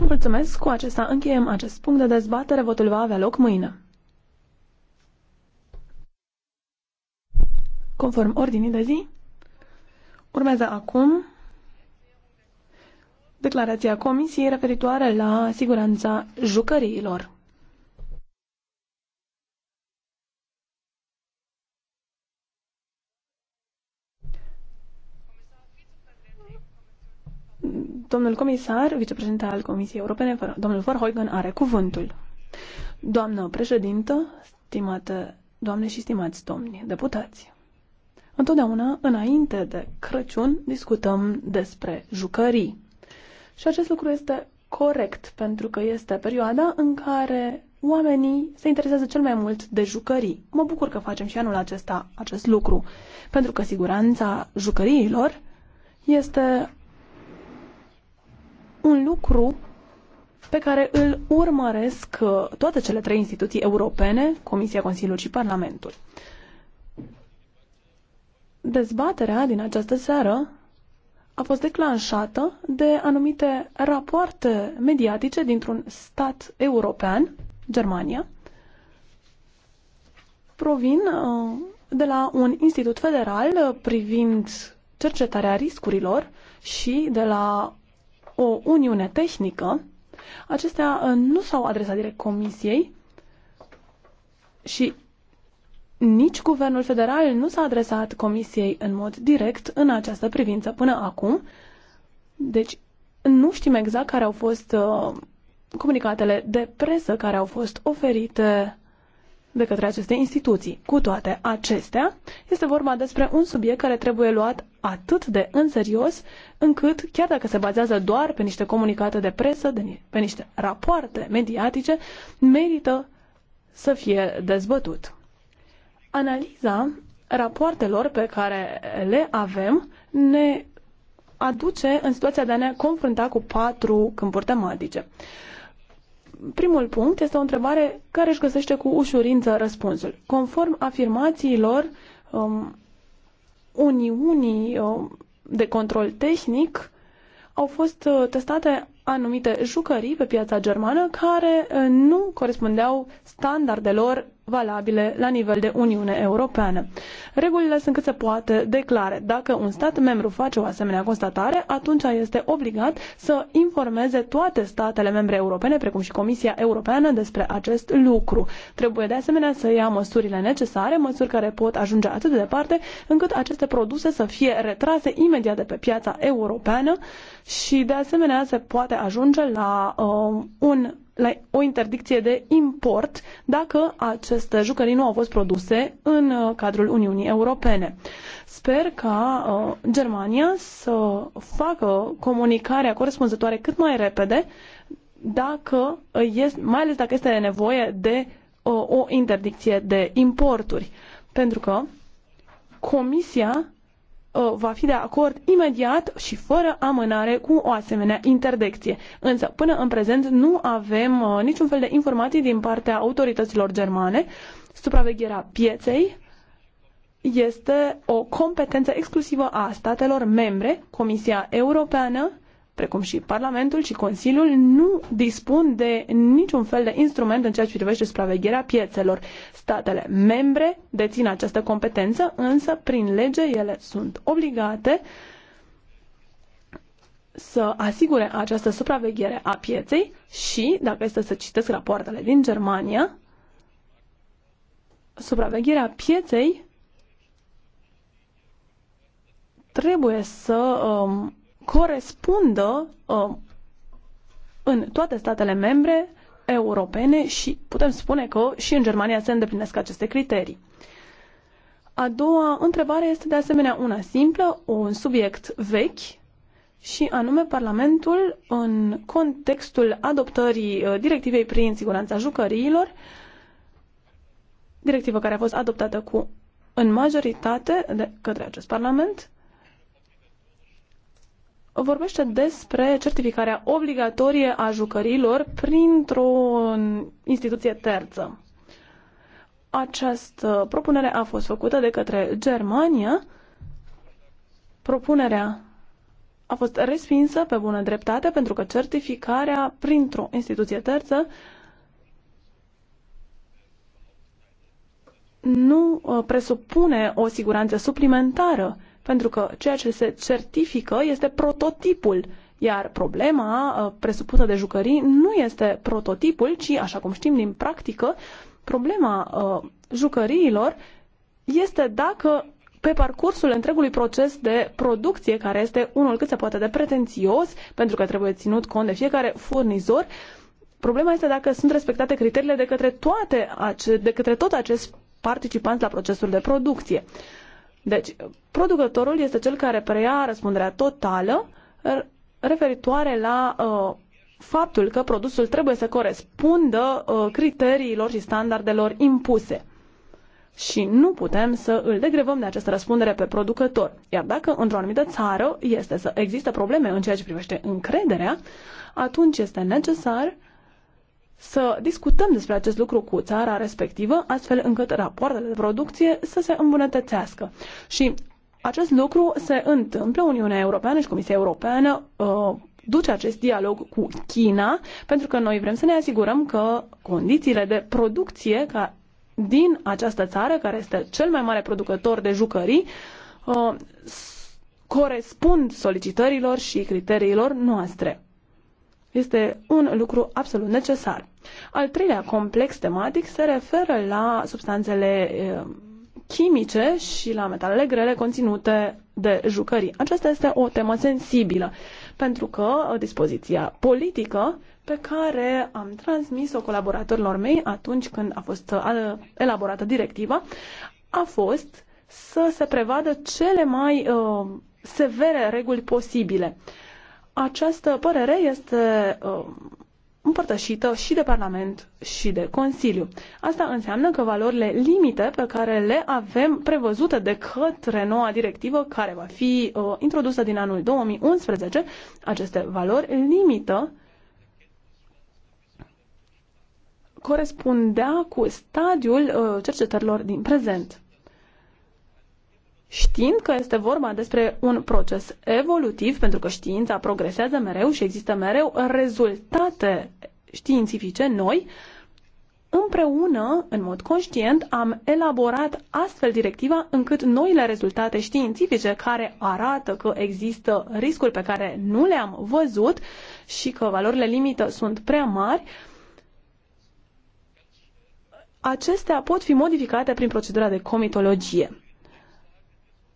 Mulțumesc. Cu acesta încheiem acest punct de dezbatere. Votul va avea loc mâine. Conform ordinii de zi, urmează acum declarația Comisiei referitoare la siguranța jucăriilor. Domnul comisar, vicepreședinte al Comisiei Europene, domnul Verhoeven, are cuvântul. Doamnă președintă, stimate doamne și stimați domni deputați, întotdeauna, înainte de Crăciun, discutăm despre jucării. Și acest lucru este corect, pentru că este perioada în care oamenii se interesează cel mai mult de jucării. Mă bucur că facem și anul acesta acest lucru, pentru că siguranța jucăriilor este un lucru pe care îl urmăresc uh, toate cele trei instituții europene, Comisia, Consiliul și Parlamentul. Dezbaterea din această seară a fost declanșată de anumite rapoarte mediatice dintr-un stat european, Germania, provin uh, de la un institut federal uh, privind cercetarea riscurilor și de la o uniune tehnică. Acestea uh, nu s-au adresat direct Comisiei și nici Guvernul Federal nu s-a adresat Comisiei în mod direct în această privință până acum. Deci nu știm exact care au fost uh, comunicatele de presă care au fost oferite de către aceste instituții. Cu toate acestea, este vorba despre un subiect care trebuie luat atât de în serios, încât, chiar dacă se bazează doar pe niște comunicate de presă, de, pe niște rapoarte mediatice, merită să fie dezbătut. Analiza rapoartelor pe care le avem ne aduce în situația de a ne confrunta cu patru câmpuri tematice primul punct este o întrebare care își găsește cu ușurință răspunsul. Conform afirmațiilor um, Uniunii um, de control tehnic, au fost uh, testate anumite jucării pe piața germană care nu corespundeau standardelor valabile la nivel de Uniune Europeană. Regulile sunt cât se poate declare. Dacă un stat membru face o asemenea constatare, atunci este obligat să informeze toate statele membre europene, precum și Comisia Europeană, despre acest lucru. Trebuie de asemenea să ia măsurile necesare, măsuri care pot ajunge atât de departe, încât aceste produse să fie retrase imediat de pe piața europeană și de asemenea se poate poate ajunge la, uh, un, la o interdicție de import dacă aceste jucării nu au fost produse în uh, cadrul Uniunii Europene. Sper ca uh, Germania să facă comunicarea corespunzătoare cât mai repede, dacă este, mai ales dacă este nevoie de uh, o interdicție de importuri. Pentru că Comisia Uh, va fi de acord imediat și fără amânare cu o asemenea interdicție. Însă, până în prezent, nu avem uh, niciun fel de informații din partea autorităților germane. Supravegherea pieței este o competență exclusivă a statelor membre. Comisia Europeană precum și Parlamentul și Consiliul, nu dispun de niciun fel de instrument în ceea ce privește supravegherea piețelor. Statele membre dețin această competență, însă prin lege ele sunt obligate să asigure această supraveghere a pieței și, dacă este să citesc rapoartele din Germania, supravegherea pieței trebuie să um, corespundă uh, în toate statele membre europene și putem spune că și în Germania se îndeplinesc aceste criterii. A doua întrebare este de asemenea una simplă, un subiect vechi, și anume Parlamentul, în contextul adoptării uh, directivei prin siguranța jucăriilor, directivă care a fost adoptată cu în majoritate de către acest Parlament, vorbește despre certificarea obligatorie a jucărilor printr-o instituție terță. Această propunere a fost făcută de către Germania. Propunerea a fost respinsă pe bună dreptate pentru că certificarea printr-o instituție terță nu uh, presupune o siguranță suplimentară pentru că ceea ce se certifică este prototipul, iar problema uh, presupusă de jucării nu este prototipul, ci, așa cum știm din practică, problema uh, jucăriilor este dacă pe parcursul întregului proces de producție, care este unul cât se poate de pretențios, pentru că trebuie ținut cont de fiecare furnizor, problema este dacă sunt respectate criteriile de către, toate ace- de către tot acest participanți la procesul de producție. Uh, deci, producătorul este cel care preia răspunderea totală referitoare la uh, faptul că produsul trebuie să corespundă uh, criteriilor și standardelor impuse. Și nu putem să îl degrevăm de această răspundere pe producător. Iar dacă într-o anumită țară este să există probleme în ceea ce privește încrederea, atunci este necesar uh, să discutăm despre acest lucru cu țara respectivă, astfel încât rapoartele de producție să se îmbunătățească. Și acest lucru se întâmplă, Uniunea Europeană și Comisia Europeană uh, duce acest dialog cu China, pentru că noi vrem să ne asigurăm că condițiile de producție ca din această țară, care este cel mai mare producător de jucării, uh, corespund solicitărilor și criteriilor noastre. Este un lucru absolut necesar. Al treilea complex tematic se referă la substanțele chimice și la metalele grele conținute de jucării. Aceasta este o temă sensibilă, pentru că dispoziția politică pe care am transmis-o colaboratorilor mei atunci când a fost elaborată directiva a fost să se prevadă cele mai uh, severe reguli posibile. Această părere este uh, împărtășită și de Parlament și de Consiliu. Asta înseamnă că valorile limite pe care le avem prevăzute de către noua directivă care va fi uh, introdusă din anul 2011, aceste valori limită corespundea cu stadiul uh, cercetărilor din prezent știind că este vorba despre un proces evolutiv, pentru că știința progresează mereu și există mereu rezultate științifice noi, împreună, în mod conștient, am elaborat astfel directiva încât noile rezultate științifice care arată că există riscuri pe care nu le-am văzut și că valorile limită sunt prea mari, acestea pot fi modificate prin procedura de comitologie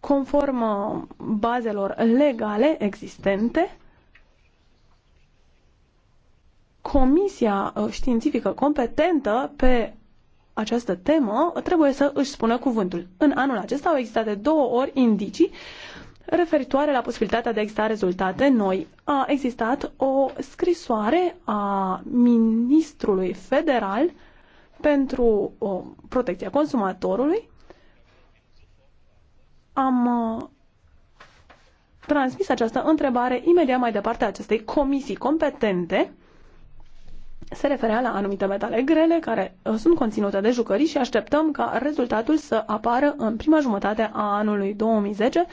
conform uh, bazelor legale existente, comisia uh, științifică competentă pe această temă trebuie să își spună cuvântul. În anul acesta au existat de două ori indicii referitoare la posibilitatea de a exista rezultate noi. A existat o scrisoare a ministrului federal pentru uh, protecția consumatorului am uh, transmis această întrebare imediat mai departe acestei comisii competente. Se referea la anumite metale grele care uh, sunt conținute de jucării și așteptăm ca rezultatul să apară în prima jumătate a anului 2010,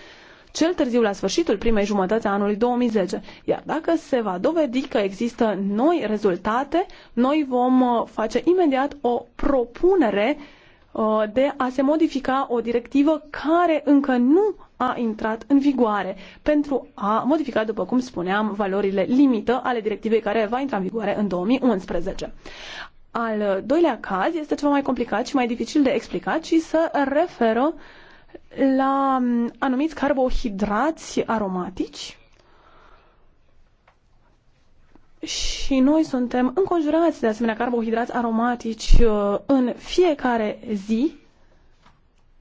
cel târziu la sfârșitul primei jumătăți a anului 2010. Iar dacă se va dovedi că există noi rezultate, noi vom uh, face imediat o propunere uh, Uh, de a se modifica o directivă care încă nu a intrat în vigoare pentru a modifica, după cum spuneam, valorile limită ale directivei care va intra în vigoare în 2011. Al doilea caz este ceva mai complicat și mai dificil de explicat și să referă la um, anumiți carbohidrați aromatici și noi suntem înconjurați de asemenea carbohidrați aromatici uh, în fiecare zi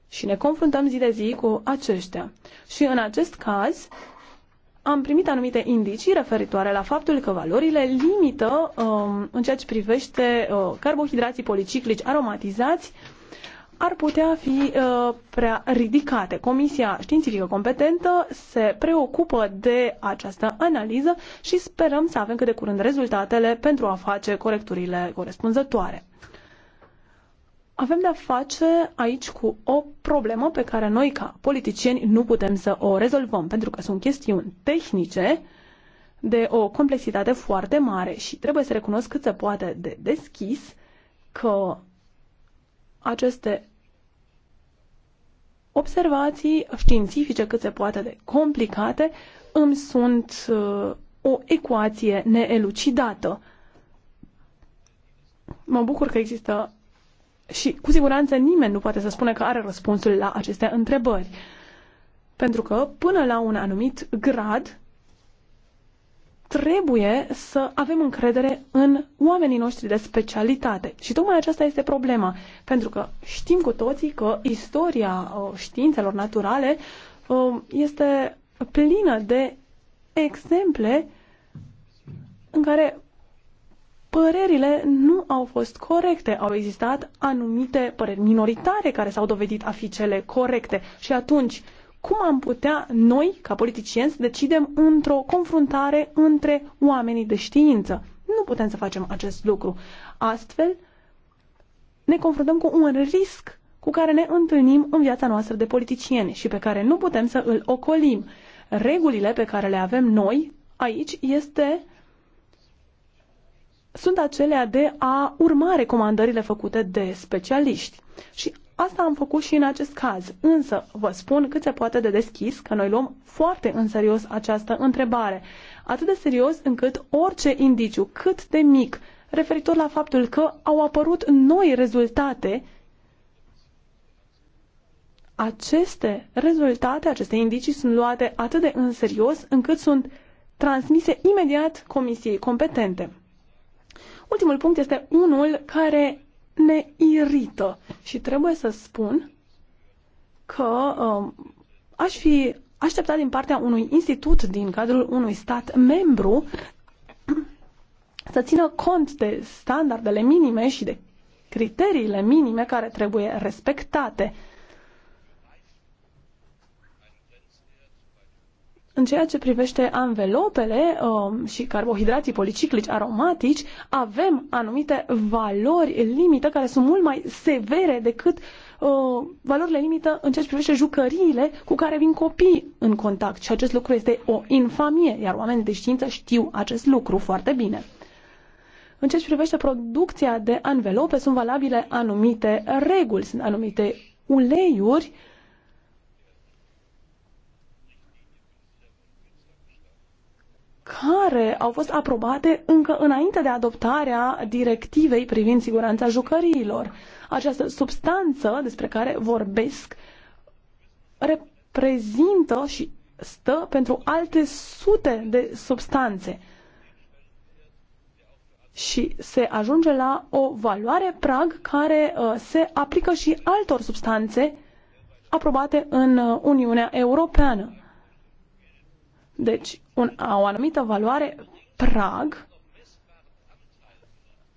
și ne confruntăm zi de zi cu aceștia. Și în acest caz am primit anumite indicii referitoare la faptul că valorile limită um, în ceea ce privește uh, carbohidrații policiclici aromatizați ar putea fi uh, prea ridicate. Comisia științifică competentă se preocupă de această analiză și sperăm să avem cât de curând rezultatele pentru a face corecturile corespunzătoare. Avem de-a face aici cu o problemă pe care noi, ca politicieni, nu putem să o rezolvăm, pentru că sunt chestiuni tehnice de o complexitate foarte mare și trebuie să recunosc cât se poate de deschis că aceste observații științifice cât se poate de complicate îmi sunt uh, o ecuație neelucidată. Mă bucur că există și cu siguranță nimeni nu poate să spune că are răspunsul la aceste întrebări. Pentru că până la un anumit grad trebuie să avem încredere în oamenii noștri de specialitate. Și tocmai aceasta este problema, pentru că știm cu toții că istoria științelor naturale este plină de exemple în care părerile nu au fost corecte. Au existat anumite păreri minoritare care s-au dovedit a fi cele corecte. Și atunci cum am putea noi, ca politicieni, să decidem într-o confruntare între oamenii de știință. Nu putem să facem acest lucru. Astfel, ne confruntăm cu un risc cu care ne întâlnim în viața noastră de politicieni și pe care nu putem să îl ocolim. Regulile pe care le avem noi aici este sunt acelea de a urma recomandările făcute de specialiști. Și Asta am făcut și în acest caz, însă vă spun cât se poate de deschis că noi luăm foarte în serios această întrebare, atât de serios încât orice indiciu, cât de mic, referitor la faptul că au apărut noi rezultate, aceste rezultate, aceste indicii sunt luate atât de în serios încât sunt transmise imediat comisiei competente. Ultimul punct este unul care ne irită și trebuie să spun că um, aș fi așteptat din partea unui institut din cadrul unui stat membru să țină cont de standardele minime și de criteriile minime care trebuie respectate. În ceea ce privește anvelopele um, și carbohidrații policiclici aromatici, avem anumite valori limită care sunt mult mai severe decât uh, valorile limită în ceea ce privește jucăriile cu care vin copii în contact. Și acest lucru este o infamie, iar oamenii de știință știu acest lucru foarte bine. În ceea ce privește producția de anvelope, sunt valabile anumite reguli, sunt anumite uleiuri uh, care au fost aprobate încă înainte de adoptarea directivei privind siguranța jucăriilor. Această substanță despre care vorbesc reprezintă și stă pentru alte sute de substanțe și se ajunge la o valoare prag care uh, se aplică și altor substanțe aprobate în uh, Uniunea Europeană. Deci, un, o anumită valoare prag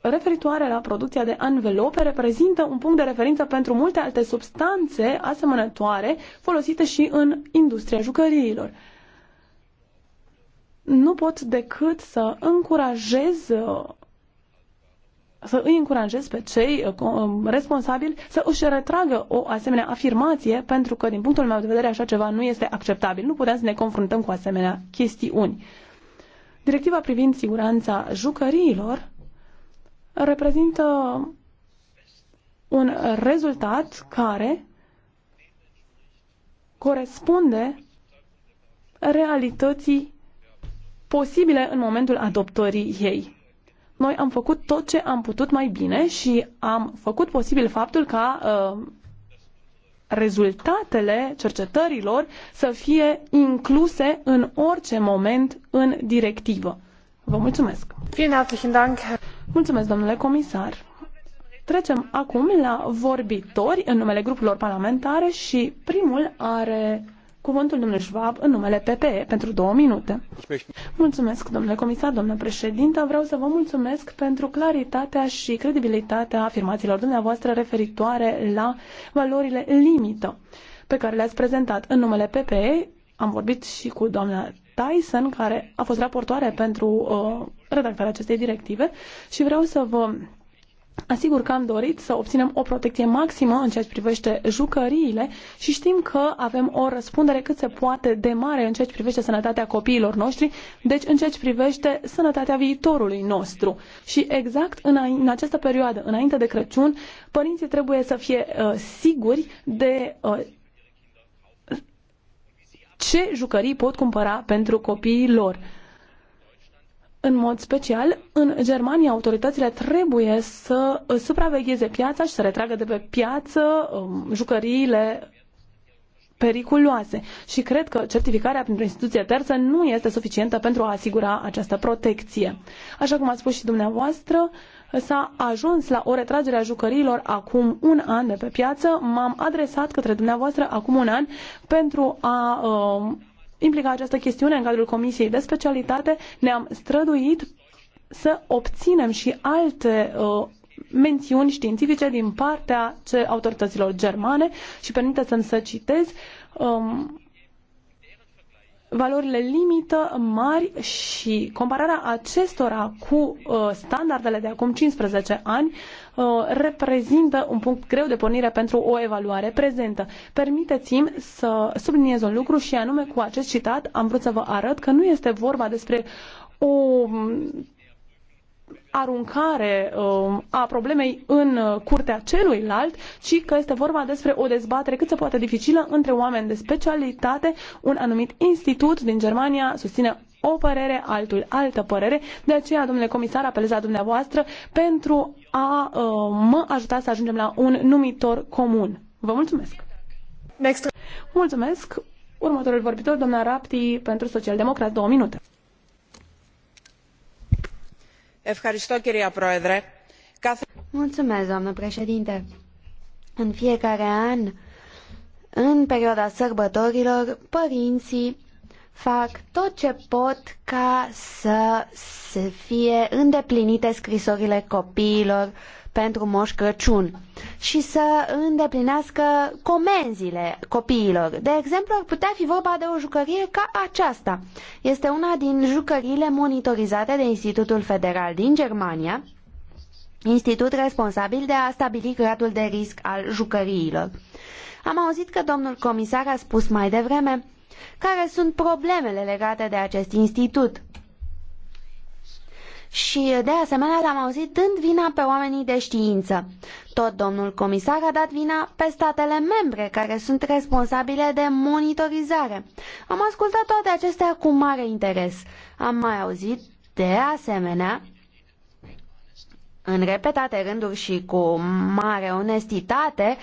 referitoare la producția de anvelope reprezintă un punct de referință pentru multe alte substanțe asemănătoare folosite și în industria jucăriilor. Nu pot decât să încurajez uh, să îi încurajez pe cei uh, um, responsabili să își retragă o asemenea afirmație, pentru că, din punctul meu de vedere, așa ceva nu este acceptabil. Nu putem să ne confruntăm cu asemenea chestiuni. Directiva privind siguranța jucăriilor reprezintă un rezultat care corespunde realității posibile în momentul adoptării ei. Noi am făcut tot ce am putut mai bine și am făcut posibil faptul ca uh, rezultatele cercetărilor să fie incluse în orice moment în directivă. Vă mulțumesc! Mulțumesc, domnule comisar! Trecem acum la vorbitori în numele grupurilor parlamentare și primul are cuvântul domnului Schwab în numele PPE pentru două minute. Mulțumesc, domnule comisar, domnule președinte. Vreau să vă mulțumesc pentru claritatea și credibilitatea afirmațiilor dumneavoastră referitoare la valorile limită pe care le-ați prezentat în numele PPE. Am vorbit și cu doamna Tyson, care a fost raportoare pentru uh, redactarea acestei directive și vreau să vă Asigur că am dorit să obținem o protecție maximă în ceea ce privește jucăriile și știm că avem o răspundere cât se poate de mare în ceea ce privește sănătatea copiilor noștri, deci în ceea ce privește sănătatea viitorului nostru. Și exact în, în această perioadă, înainte de Crăciun, părinții trebuie să fie uh, siguri de uh, ce jucării pot cumpăra pentru copiii lor în mod special, în Germania, autoritățile trebuie să uh, supravegheze piața și să retragă de pe piață um, jucăriile periculoase. Și cred că certificarea printr-o instituție terță nu este suficientă pentru a asigura această protecție. Așa cum a spus și dumneavoastră, s-a ajuns la o retragere a jucăriilor acum un an de pe piață. M-am adresat către dumneavoastră acum un an pentru a uh, implica această chestiune în cadrul Comisiei de Specialitate, ne-am străduit să obținem și alte uh, mențiuni științifice din partea ce autorităților germane și permiteți-mi să citez um, valorile limită mari și compararea acestora cu uh, standardele de acum 15 ani Uh, reprezintă un punct greu de pornire pentru o evaluare prezentă. Permiteți-mi să subliniez un lucru și anume cu acest citat am vrut să vă arăt că nu este vorba despre o um, aruncare um, a problemei în uh, curtea celuilalt, ci că este vorba despre o dezbatere cât se poate dificilă între oameni de specialitate. Un anumit institut din Germania susține o părere, altul altă părere. De aceea, domnule comisar, apelez la dumneavoastră pentru a uh, mă ajuta să ajungem la un numitor comun. Vă mulțumesc! Next. Mulțumesc! Următorul vorbitor, doamna Rapti, pentru Socialdemocrat, două minute. Mulțumesc, doamnă președinte. În fiecare an, în perioada sărbătorilor, părinții fac tot ce pot ca să, se fie îndeplinite scrisorile copiilor pentru Moș Crăciun și să îndeplinească comenzile copiilor. De exemplu, ar putea fi vorba de o jucărie ca aceasta. Este una din jucăriile monitorizate de Institutul Federal din Germania, institut responsabil de a stabili gradul de risc al jucăriilor. Am auzit că domnul comisar a spus mai devreme care sunt problemele legate de acest institut? Și, de asemenea, l-am auzit dând vina pe oamenii de știință. Tot domnul comisar a dat vina pe statele membre, care sunt responsabile de monitorizare. Am ascultat toate acestea cu mare interes. Am mai auzit, de asemenea, în repetate rânduri și cu mare onestitate, uh,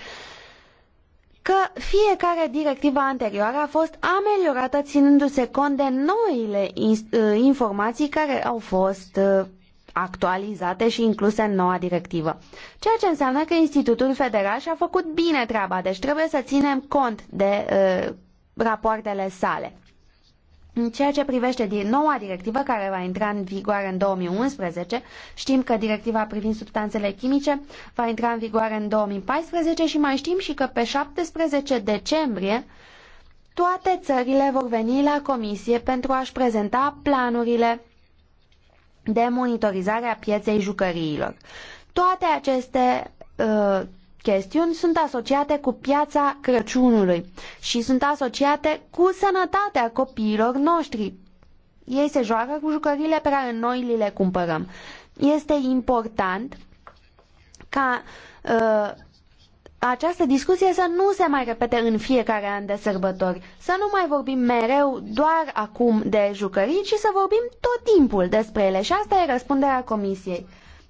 că fiecare directivă anterioară a fost ameliorată ținându-se cont de noile ă, informații care au fost ă, actualizate și incluse în noua directivă. Ceea ce înseamnă că Institutul Federal și-a făcut bine treaba, deci trebuie să ținem cont de uh, rapoartele sale. În ceea ce privește din noua directivă care va intra în vigoare în 2011, știm că directiva privind substanțele chimice va intra în vigoare în 2014 și mai știm și că pe 17 decembrie toate țările vor veni la comisie pentru a-și prezenta planurile de monitorizare a pieței jucăriilor. Toate aceste uh, chestiuni sunt asociate cu piața Crăciunului și sunt asociate cu sănătatea copiilor noștri. Ei se joacă cu jucăriile pe care noi li le cumpărăm. Este important ca uh, această discuție să nu se mai repete în fiecare an de sărbători, să nu mai vorbim mereu doar acum de jucării, ci să vorbim tot timpul despre ele și asta e răspunderea Comisiei.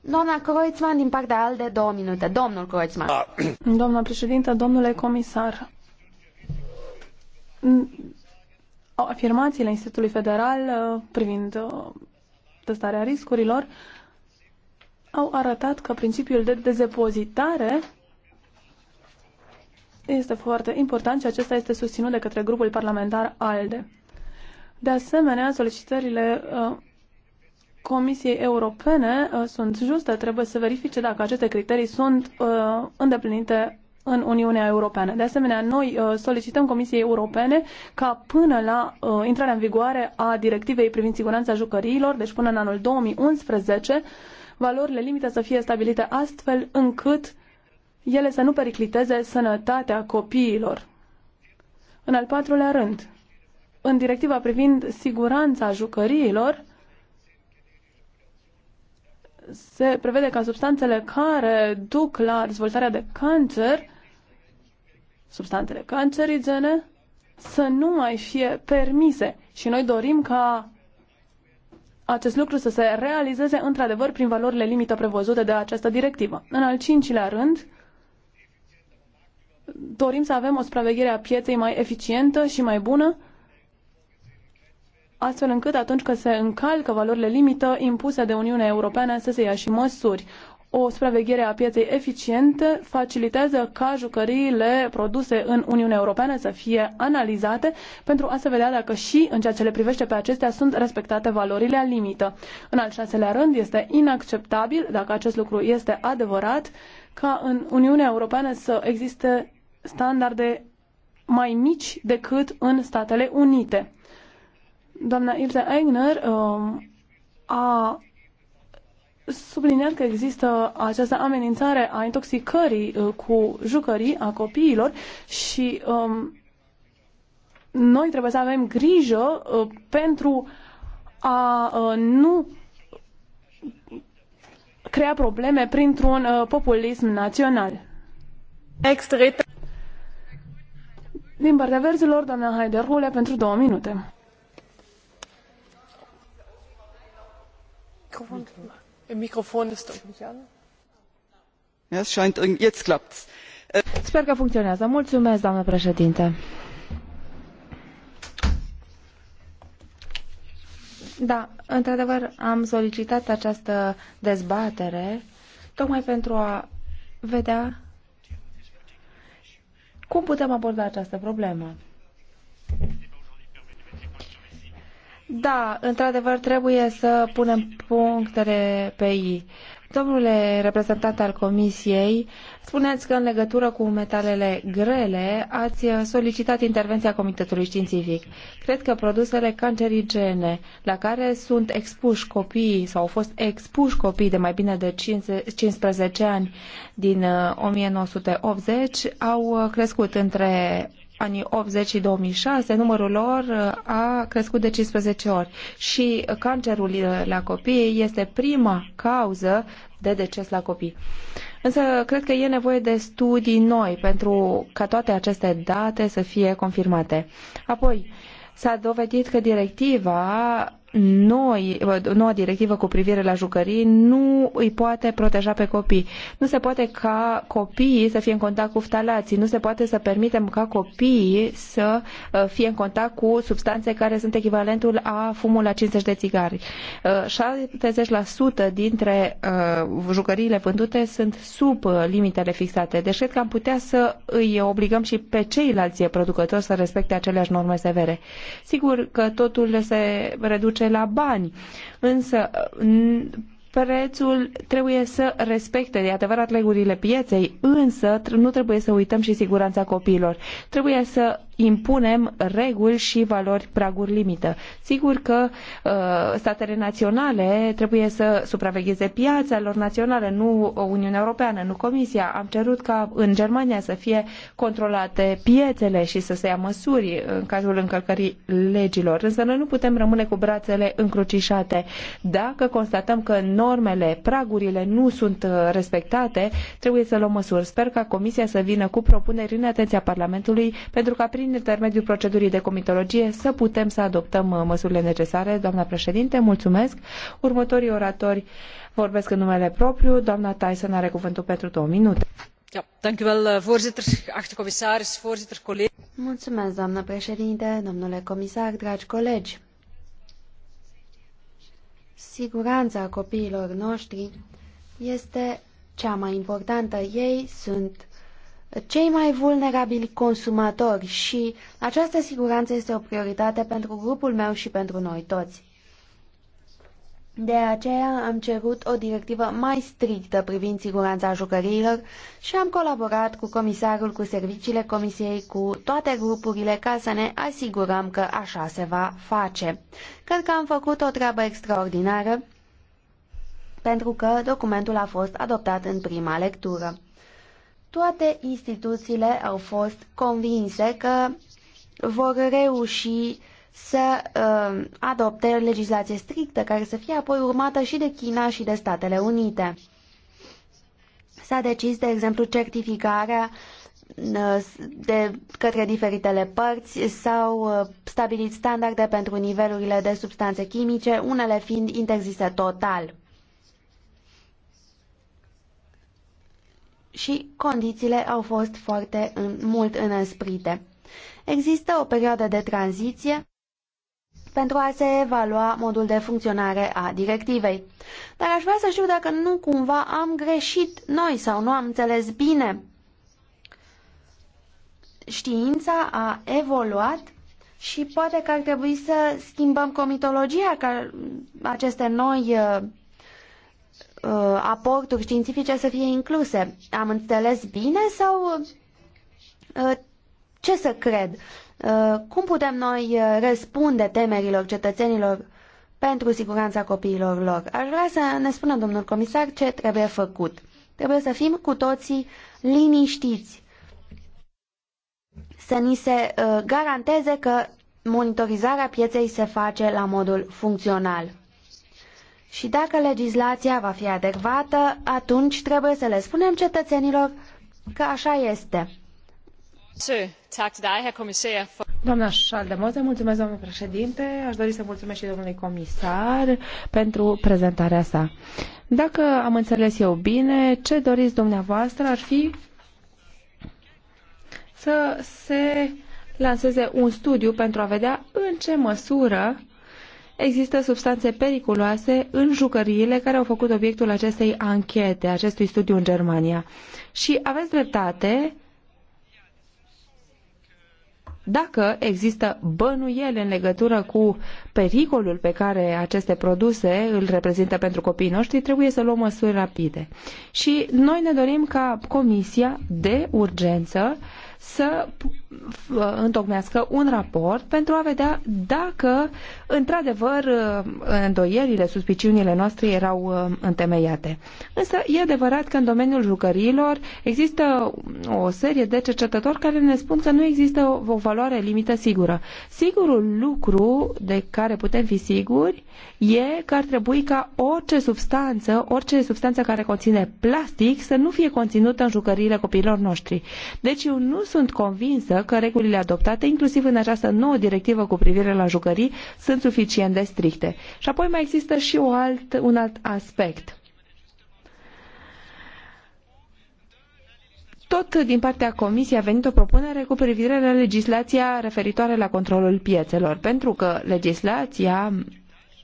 Doamna Croițman, din partea ALDE, două minute. Domnul Croițman. Doamna președintă, domnule comisar, afirmațiile Institutului Federal uh, privind uh, testarea riscurilor au arătat că principiul de dezepozitare este foarte important și acesta este susținut de către grupul parlamentar ALDE. De asemenea, solicitările uh, Comisiei Europene uh, sunt juste, trebuie să verifice dacă aceste criterii sunt uh, îndeplinite în Uniunea Europeană. De asemenea, noi uh, solicităm Comisiei Europene ca până la intrarea în vigoare a directivei privind siguranța jucăriilor, deci până în anul 2011, valorile limite să fie stabilite astfel încât ele să nu pericliteze sănătatea copiilor. În al patrulea rând, în directiva privind siguranța jucăriilor, se prevede ca substanțele care duc la dezvoltarea de cancer, substanțele cancerigene, să nu mai fie permise. Și noi dorim ca acest lucru să se realizeze într-adevăr prin valorile limită prevăzute de această directivă. În al cincilea rând, dorim să avem o supraveghere a pieței mai eficientă și mai bună astfel încât atunci când se încalcă valorile limită impuse de Uniunea Europeană să se ia și măsuri. O supraveghere a pieței eficientă facilitează ca jucăriile produse în Uniunea Europeană să fie analizate pentru a se vedea dacă și în ceea ce le privește pe acestea sunt respectate valorile limită. În al șaselea rând, este inacceptabil, dacă acest lucru este adevărat, ca în Uniunea Europeană să existe standarde mai mici decât în Statele Unite. Doamna Ilse Eigner um, a subliniat că există această amenințare a intoxicării uh, cu jucării a copiilor și um, noi trebuie să avem grijă uh, pentru a uh, nu crea probleme printr-un uh, populism național. Extrita. Din partea verzilor, doamna Haider Hule, pentru două minute. Äh, Sper că funcționează. Mulțumesc, doamnă președinte. Da, într-adevăr, am solicitat această dezbatere tocmai pentru a vedea cum putem aborda această problemă. Da, într-adevăr trebuie să punem punctele pe i. Domnule reprezentant al Comisiei, spuneți că în legătură cu metalele grele ați solicitat intervenția Comitetului Științific. Cred că produsele cancerigene la care sunt expuși copiii sau au fost expuși copiii de mai bine de 15 ani din 1980 uh, au uh, crescut între anii 80 și 2006, numărul lor uh, a crescut de 15 ori și cancerul uh, la copii este prima cauză de deces la copii. Însă cred că e nevoie de studii noi pentru ca toate aceste date să fie confirmate. Apoi, s-a dovedit că directiva noi, noua directivă cu privire la jucării nu îi poate proteja pe copii. Nu se poate ca copiii să fie în contact cu ftalații, nu se poate să permitem ca copiii să uh, fie în contact cu substanțe care sunt echivalentul a fumul la 50 de țigari. 70% uh, dintre uh, jucăriile vândute sunt sub limitele fixate, deci cred că am putea să îi obligăm și pe ceilalți producători să respecte aceleași norme severe. Sigur că totul se reduce duce la bani. Însă prețul trebuie să respecte, de adevărat, regulile pieței, însă nu trebuie să uităm și siguranța copiilor. Trebuie să impunem reguli și valori praguri limită. Sigur că uh, statele naționale trebuie să supravegheze piața lor naționale, nu Uniunea Europeană, nu Comisia. Am cerut ca în Germania să fie controlate piețele și să se ia măsuri în cazul încălcării legilor. Însă noi nu putem rămâne cu brațele încrucișate. Dacă constatăm că normele, pragurile nu sunt uh, respectate, trebuie să luăm măsuri. Sper ca Comisia să vină cu propuneri în atenția Parlamentului pentru ca prin prin intermediul procedurii de comitologie să putem să adoptăm uh, măsurile necesare. Doamna președinte, mulțumesc. Următorii oratori vorbesc în numele propriu. Doamna Tyson are cuvântul pentru două minute. Uh, voorzitter geachte commissaris voorzitter collega's doamnă președinte domnule comisar dragi colegi siguranța copiilor noștri este cea mai importantă. Ei sunt cei mai vulnerabili consumatori și această siguranță este o prioritate pentru grupul meu și pentru noi toți. De aceea am cerut o directivă mai strictă privind siguranța jucăriilor și am colaborat cu comisarul, cu serviciile comisiei, cu toate grupurile ca să ne asigurăm că așa se va face. Cred că am făcut o treabă extraordinară pentru că documentul a fost adoptat în prima lectură. Toate instituțiile au fost convinse că vor reuși să uh, adopte legislație strictă care să fie apoi urmată și de China și de Statele Unite. S-a decis, de exemplu, certificarea uh, de către diferitele părți s-au uh, stabilit standarde pentru nivelurile de substanțe chimice, unele fiind interzise total. și condițiile au fost foarte în, mult înăsprite. Există o perioadă de tranziție pentru a se evalua modul de funcționare a directivei. Dar aș vrea să știu dacă nu cumva am greșit noi sau nu am înțeles bine. Știința a evoluat și poate că ar trebui să schimbăm comitologia ca aceste noi uh, Uh, aporturi științifice să fie incluse. Am înțeles bine sau uh, ce să cred? Uh, cum putem noi răspunde temerilor cetățenilor pentru siguranța copiilor lor? Aș vrea să ne spună, domnul comisar, ce trebuie făcut. Trebuie să fim cu toții liniștiți, să ni se garanteze că monitorizarea pieței se face la modul funcțional. Și dacă legislația va fi adecvată, atunci trebuie să le spunem cetățenilor că așa este. Doamna Șaldemoze, mulțumesc, domnule președinte. Aș dori să mulțumesc și domnului comisar pentru prezentarea sa. Dacă am înțeles eu bine, ce doriți dumneavoastră ar fi să se lanseze un studiu pentru a vedea în ce măsură există substanțe periculoase în jucăriile care au făcut obiectul acestei anchete, acestui studiu în Germania. Și aveți dreptate dacă există bănuiele în legătură cu pericolul pe care aceste produse îl reprezintă pentru copiii noștri, trebuie să luăm măsuri rapide. Și noi ne dorim ca Comisia de urgență să Uh, întocmească un raport pentru a vedea dacă, într-adevăr, uh, îndoierile, suspiciunile noastre erau uh, întemeiate. Însă, e adevărat că în domeniul jucăriilor există o serie de cercetători care ne spun că nu există o valoare limită sigură. Sigurul lucru de care putem fi siguri e că ar trebui ca orice substanță, orice substanță care conține plastic să nu fie conținută în jucăriile copiilor noștri. Deci eu nu sunt convinsă că regulile adoptate, inclusiv în această nouă directivă cu privire la jucării, sunt suficient de stricte. Și apoi mai există și o alt, un alt aspect. Tot din partea Comisiei a venit o propunere cu privire la legislația referitoare la controlul piețelor, pentru că legislația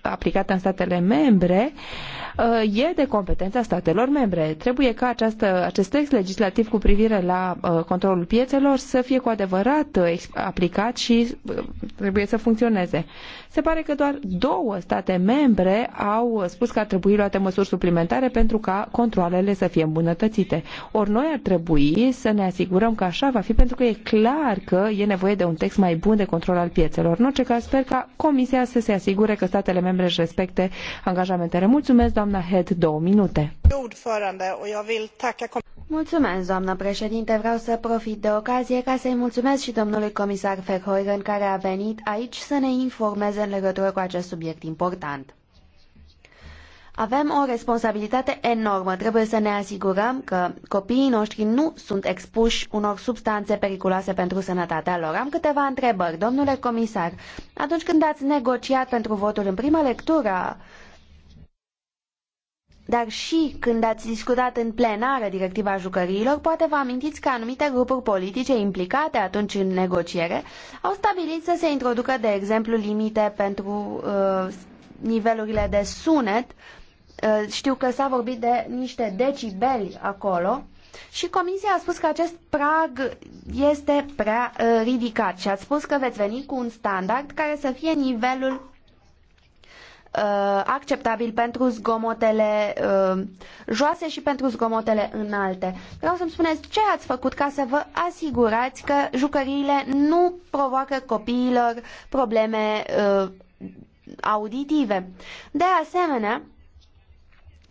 aplicată în statele membre uh, e de competența statelor membre. Trebuie ca această, acest text legislativ cu privire la uh, controlul piețelor să fie cu adevărat uh, aplicat și trebuie să funcționeze. Se pare că doar două state membre au spus că ar trebui luate măsuri suplimentare pentru ca controlele să fie îmbunătățite. Ori noi ar trebui să ne asigurăm că așa va fi pentru că e clar că e nevoie de un text mai bun de control al piețelor. În orice caz, sper ca Comisia să se asigure că statele membre își respecte angajamentele. Mulțumesc, doamna Head, două minute. Mulțumesc, doamnă președinte. Vreau să profit de ocazie ca să-i mulțumesc și domnului comisar Verheugen care a venit aici să ne informeze în legătură cu acest subiect important. Avem o responsabilitate enormă. Trebuie să ne asigurăm că copiii noștri nu sunt expuși unor substanțe periculoase pentru sănătatea lor. Am câteva întrebări. Domnule comisar, atunci când ați negociat pentru votul în prima lectură dar și când ați discutat în plenară directiva jucăriilor, poate vă amintiți că anumite grupuri politice implicate atunci în negociere au stabilit să se introducă, de exemplu, limite pentru uh, nivelurile de sunet. Uh, știu că s-a vorbit de niște decibeli acolo. Și comisia a spus că acest prag este prea uh, ridicat și a spus că veți veni cu un standard care să fie nivelul Uh, acceptabil pentru zgomotele uh, joase și pentru zgomotele înalte. Vreau să-mi spuneți ce ați făcut ca să vă asigurați că jucăriile nu provoacă copiilor probleme uh, auditive. De asemenea,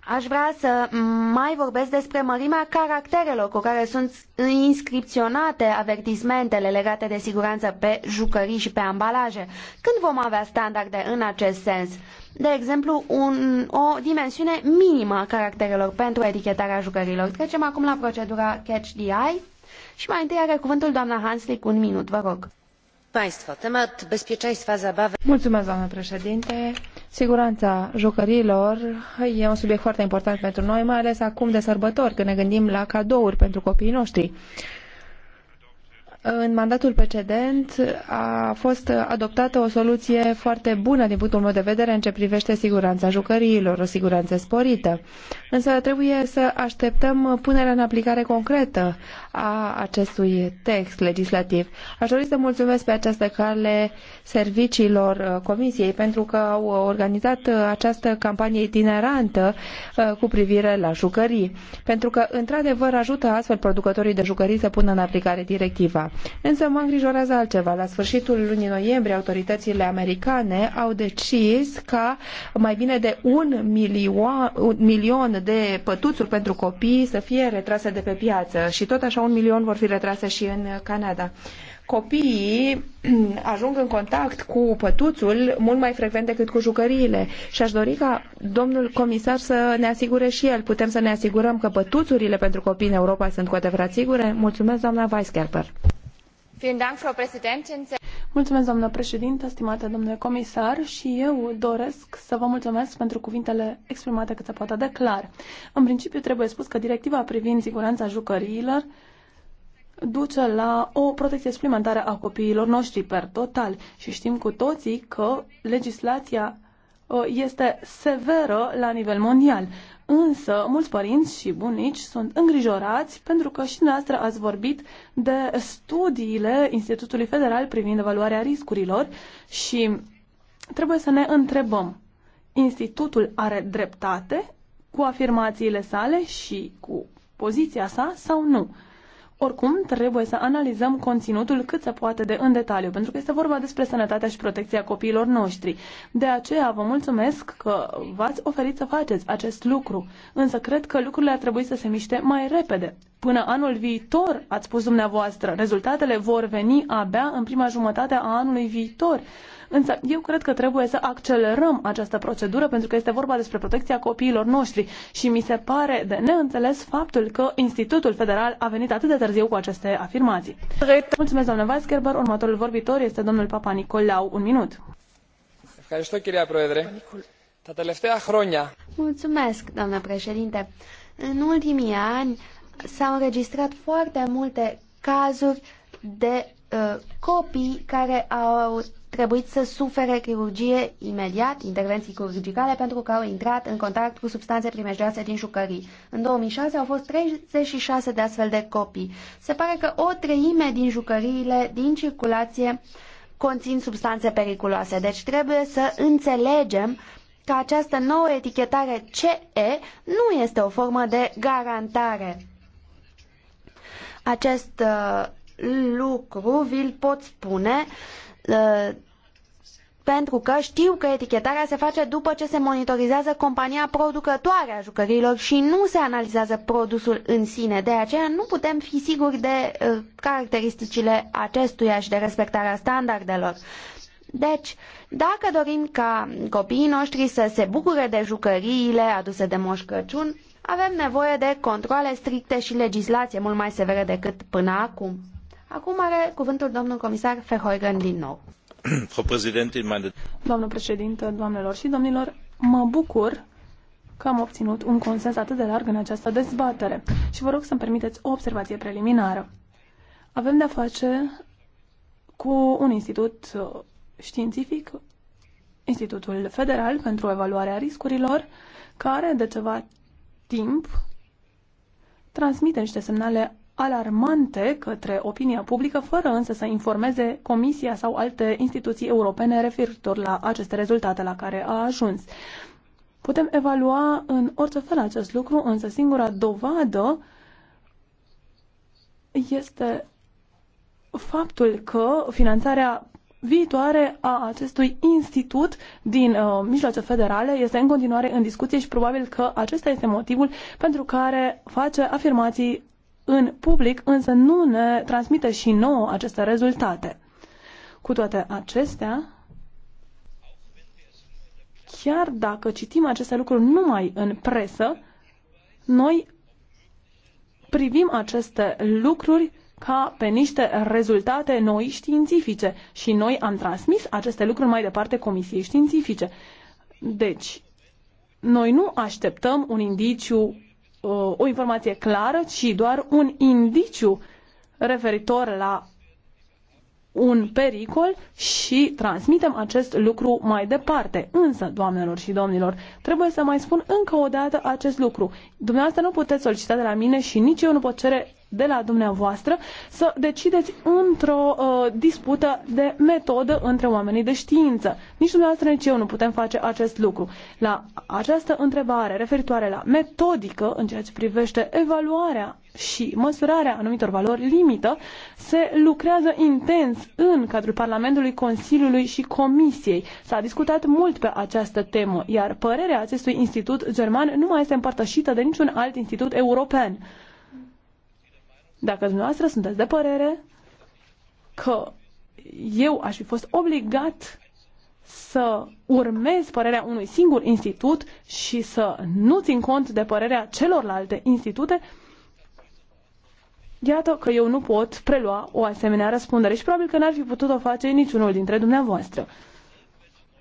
Aș vrea să mai vorbesc despre mărimea caracterelor cu care sunt inscripționate avertismentele legate de siguranță pe jucării și pe ambalaje. Când vom avea standarde în acest sens? De exemplu, un, o dimensiune minimă a caracterelor pentru etichetarea jucărilor. Trecem acum la procedura Catch the Eye și mai întâi are cuvântul doamna cu un minut, vă rog. Państwo, temat bezpieczeństwa zabawy. Mulțumesc, doamnă președinte. Siguranța jucărilor e un subiect foarte important pentru noi, mai ales acum de sărbători, când ne gândim la cadouri pentru copiii noștri. În mandatul precedent a fost adoptată o soluție foarte bună din punctul meu de vedere în ce privește siguranța jucăriilor, o siguranță sporită. Însă trebuie să așteptăm punerea în aplicare concretă a acestui text legislativ. Aș dori să mulțumesc pe această cale serviciilor uh, Comisiei pentru că au organizat uh, această campanie itinerantă uh, cu privire la jucării, pentru că într-adevăr ajută astfel producătorii de jucării să pună în aplicare directiva. Însă mă îngrijorează altceva. La sfârșitul lunii noiembrie, autoritățile americane au decis ca mai bine de un milion, milion de pătuțuri pentru copii să fie retrase de pe piață și tot așa așa un milion vor fi retrase și în Canada. Copiii ajung în contact cu pătuțul mult mai frecvent decât cu jucăriile și aș dori ca domnul comisar să ne asigure și el. Putem să ne asigurăm că pătuțurile pentru copii în Europa sunt cu adevărat sigure? Mulțumesc, doamna Weiskerper. Mulțumesc, doamnă președintă, stimată domnule comisar, și eu doresc să vă mulțumesc pentru cuvintele exprimate cât se poate de clar. În principiu, trebuie spus că directiva privind siguranța jucăriilor duce la o protecție suplimentară a copiilor noștri per total. Și știm cu toții că legislația ă, este severă la nivel mondial. Însă, mulți părinți și bunici sunt îngrijorați pentru că și noastră ați vorbit de studiile Institutului Federal privind evaluarea riscurilor și trebuie să ne întrebăm, Institutul are dreptate cu afirmațiile sale și cu poziția sa sau nu? Oricum, trebuie să analizăm conținutul cât se poate de în detaliu, pentru că este vorba despre sănătatea și protecția copiilor noștri. De aceea vă mulțumesc că v-ați oferit să faceți acest lucru, însă cred că lucrurile ar trebui să se miște mai repede. Până anul viitor, ați spus dumneavoastră, rezultatele vor veni abia în prima jumătate a anului viitor. Însă eu cred că trebuie să accelerăm această procedură pentru că este vorba despre protecția copiilor noștri și mi se pare de neînțeles faptul că Institutul Federal a venit atât de târziu cu aceste afirmații. Mulțumesc, doamne Weisgerber. Următorul vorbitor este domnul Papa Nicolau. Un minut. Mulțumesc, doamnă președinte. În ultimii ani, s-au înregistrat foarte multe cazuri de uh, copii care au trebuit să sufere chirurgie imediat, intervenții chirurgicale, pentru că au intrat în contact cu substanțe primejdioase din jucării. În 2006 au fost 36 de astfel de copii. Se pare că o treime din jucăriile din circulație conțin substanțe periculoase. Deci trebuie să înțelegem că această nouă etichetare CE nu este o formă de garantare acest uh, lucru vi-l pot spune uh, pentru că știu că etichetarea se face după ce se monitorizează compania producătoare a jucăriilor și nu se analizează produsul în sine. De aceea nu putem fi siguri de uh, caracteristicile acestuia și de respectarea standardelor. Deci, dacă dorim ca copiii noștri să se bucure de jucăriile aduse de Moș Crăciun, avem nevoie de controle stricte și legislație mult mai severă decât până acum. Acum are cuvântul domnul comisar Verheugen din nou. Domnul președinte, doamnelor și domnilor, mă bucur că am obținut un consens atât de larg în această dezbatere și vă rog să-mi permiteți o observație preliminară. Avem de-a face cu un institut uh, științific, Institutul Federal pentru Evaluarea Riscurilor, care de ceva timp transmite niște semnale alarmante către opinia publică, fără însă să informeze Comisia sau alte instituții europene referitor la aceste rezultate la care a ajuns. Putem evalua în orice fel acest lucru, însă singura dovadă este faptul că finanțarea viitoare a acestui institut din uh, mijloace federale este în continuare în discuție și probabil că acesta este motivul pentru care face afirmații în public, însă nu ne transmite și nouă aceste rezultate. Cu toate acestea, chiar dacă citim aceste lucruri numai în presă, noi privim aceste lucruri ca pe niște rezultate noi științifice și noi am transmis aceste lucruri mai departe Comisiei Științifice. Deci, noi nu așteptăm un indiciu, uh, o informație clară, ci doar un indiciu referitor la un pericol și transmitem acest lucru mai departe. Însă, doamnelor și domnilor, trebuie să mai spun încă o dată acest lucru. Dumneavoastră nu puteți solicita de la mine și nici eu nu pot cere de la dumneavoastră să decideți într-o uh, dispută de metodă între oamenii de știință. Nici dumneavoastră, nici eu nu putem face acest lucru. La această întrebare referitoare la metodică în ceea ce privește evaluarea și măsurarea anumitor valori limită se lucrează intens în cadrul Parlamentului, Consiliului și Comisiei. S-a discutat mult pe această temă, iar părerea acestui institut german nu mai este împărtășită de niciun alt institut european. Dacă dumneavoastră sunteți de părere că eu aș fi fost obligat să urmez părerea unui singur institut și să nu țin cont de părerea celorlalte institute, iată că eu nu pot prelua o asemenea răspundere și probabil că n-ar fi putut o face niciunul dintre dumneavoastră.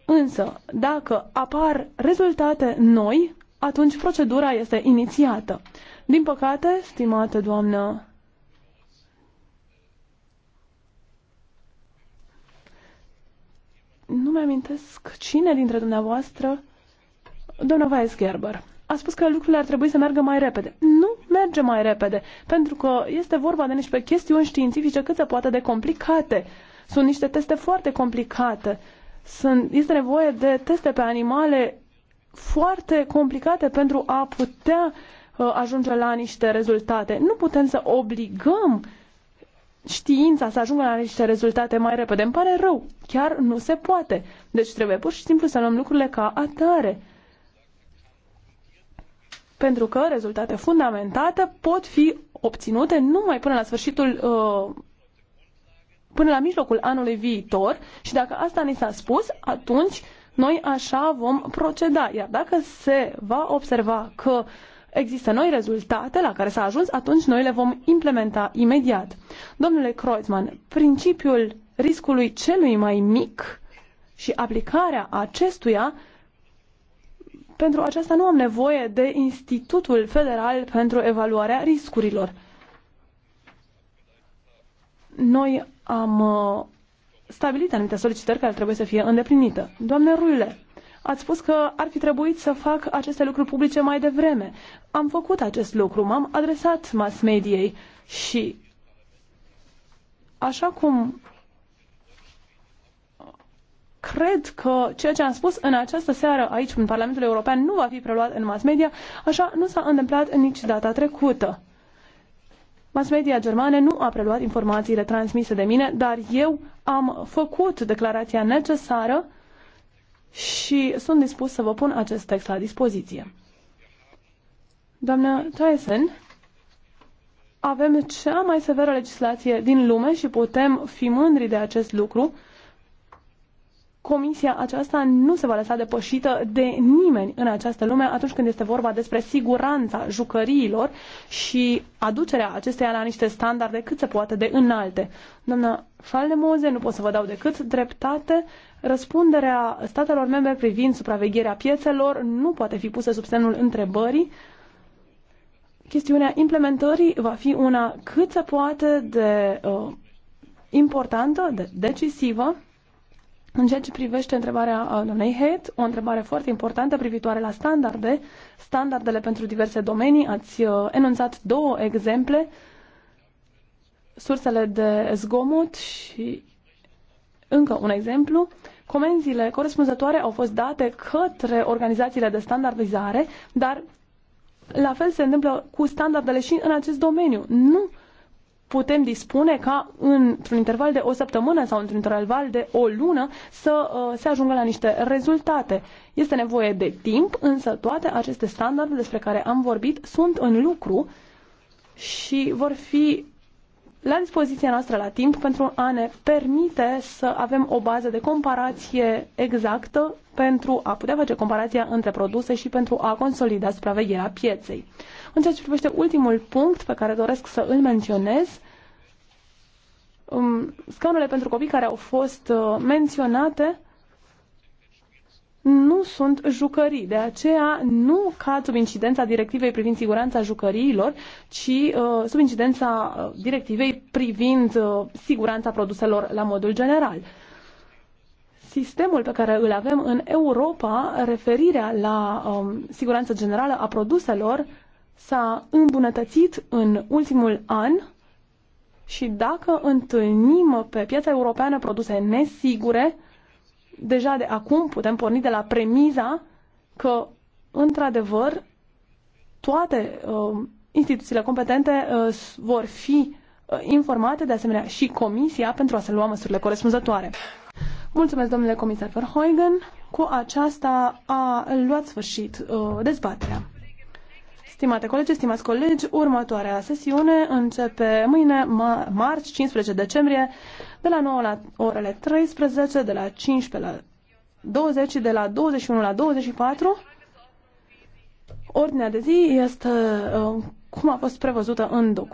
Însă, dacă apar rezultate noi, atunci procedura este inițiată. Din păcate, stimată doamnă Nu mi-amintesc cine dintre dumneavoastră, doamna Weiss Gerber, a spus că lucrurile ar trebui să meargă mai repede. Nu merge mai repede, pentru că este vorba de niște chestiuni științifice cât se poate de complicate. Sunt niște teste foarte complicate. Sunt, este nevoie de teste pe animale foarte complicate pentru a putea uh, ajunge la niște rezultate. Nu putem să obligăm știința să ajungă la niște rezultate mai repede. Îmi pare rău, chiar nu se poate. Deci trebuie pur și simplu să luăm lucrurile ca atare. Pentru că rezultate fundamentate pot fi obținute numai până la sfârșitul uh, până la mijlocul anului viitor și dacă asta ni s-a spus, atunci noi așa vom proceda. Iar dacă se va observa că uh, există noi rezultate la care s-a ajuns, atunci noi le vom implementa imediat. Domnule Kreuzmann, principiul riscului celui mai mic și aplicarea acestuia pentru aceasta nu am nevoie de Institutul Federal pentru Evaluarea Riscurilor. Noi am uh, stabilit anumite solicitări care trebuie să fie îndeplinite. Doamne Ruile, Ați spus că ar fi trebuit să fac aceste lucruri publice mai devreme. Am făcut acest lucru, m-am adresat mass mediei și așa cum cred că ceea ce am spus în această seară aici în Parlamentul European nu va fi preluat în mass media, așa nu s-a întâmplat nici data trecută. Mass media germane nu a preluat informațiile transmise de mine, dar eu am făcut declarația necesară și sunt dispus să vă pun acest text la dispoziție. Doamna Tyson, avem cea mai severă legislație din lume și putem fi mândri de acest lucru comisia aceasta nu se va lăsa depășită de nimeni în această lume atunci când este vorba despre siguranța jucăriilor și aducerea acesteia la niște standarde cât se poate de înalte. Doamna Faldemoze, nu pot să vă dau decât dreptate, răspunderea statelor membre privind supravegherea piețelor nu poate fi pusă sub semnul întrebării. Chestiunea implementării va fi una cât se poate de uh, importantă, de decisivă în ceea ce privește întrebarea uh, doamnei Head, o întrebare foarte importantă privitoare la standarde, standardele pentru diverse domenii, ați uh, enunțat două exemple, sursele de zgomot și încă un exemplu, comenzile corespunzătoare au fost date către organizațiile de standardizare, dar la fel se întâmplă cu standardele și în acest domeniu. Nu putem dispune ca într-un interval de o săptămână sau într-un interval de o lună să uh, se ajungă la niște rezultate. Este nevoie de timp, însă toate aceste standarde despre care am vorbit sunt în lucru și vor fi la dispoziția noastră la timp pentru a ne permite să avem o bază de comparație exactă pentru a putea face comparația între produse și pentru a consolida supravegherea pieței. În ceea ce privește ultimul punct pe care doresc să îl menționez, um, scaunele pentru copii care au fost uh, menționate nu sunt jucării. De aceea nu cad sub incidența directivei privind siguranța jucăriilor, ci uh, sub incidența uh, directivei privind uh, siguranța produselor la modul general. Sistemul pe care îl avem în Europa, referirea la um, siguranța generală a produselor, s-a îmbunătățit în ultimul an și dacă întâlnim pe piața europeană produse nesigure, uh, deja de acum putem porni de la premiza că, într-adevăr, toate uh, instituțiile competente uh, vor fi uh, informate, de asemenea și Comisia, pentru a se lua măsurile corespunzătoare. Mulțumesc, domnule comisar Verheugen. Cu aceasta a luat sfârșit uh, dezbaterea. Stimate colegi, stimați colegi, următoarea sesiune începe mâine, mar marți, 15 decembrie de la 9 la orele 13, de la 15 la 20, de la 21 la 24. Ordinea de zi este uh, cum a fost prevăzută în document.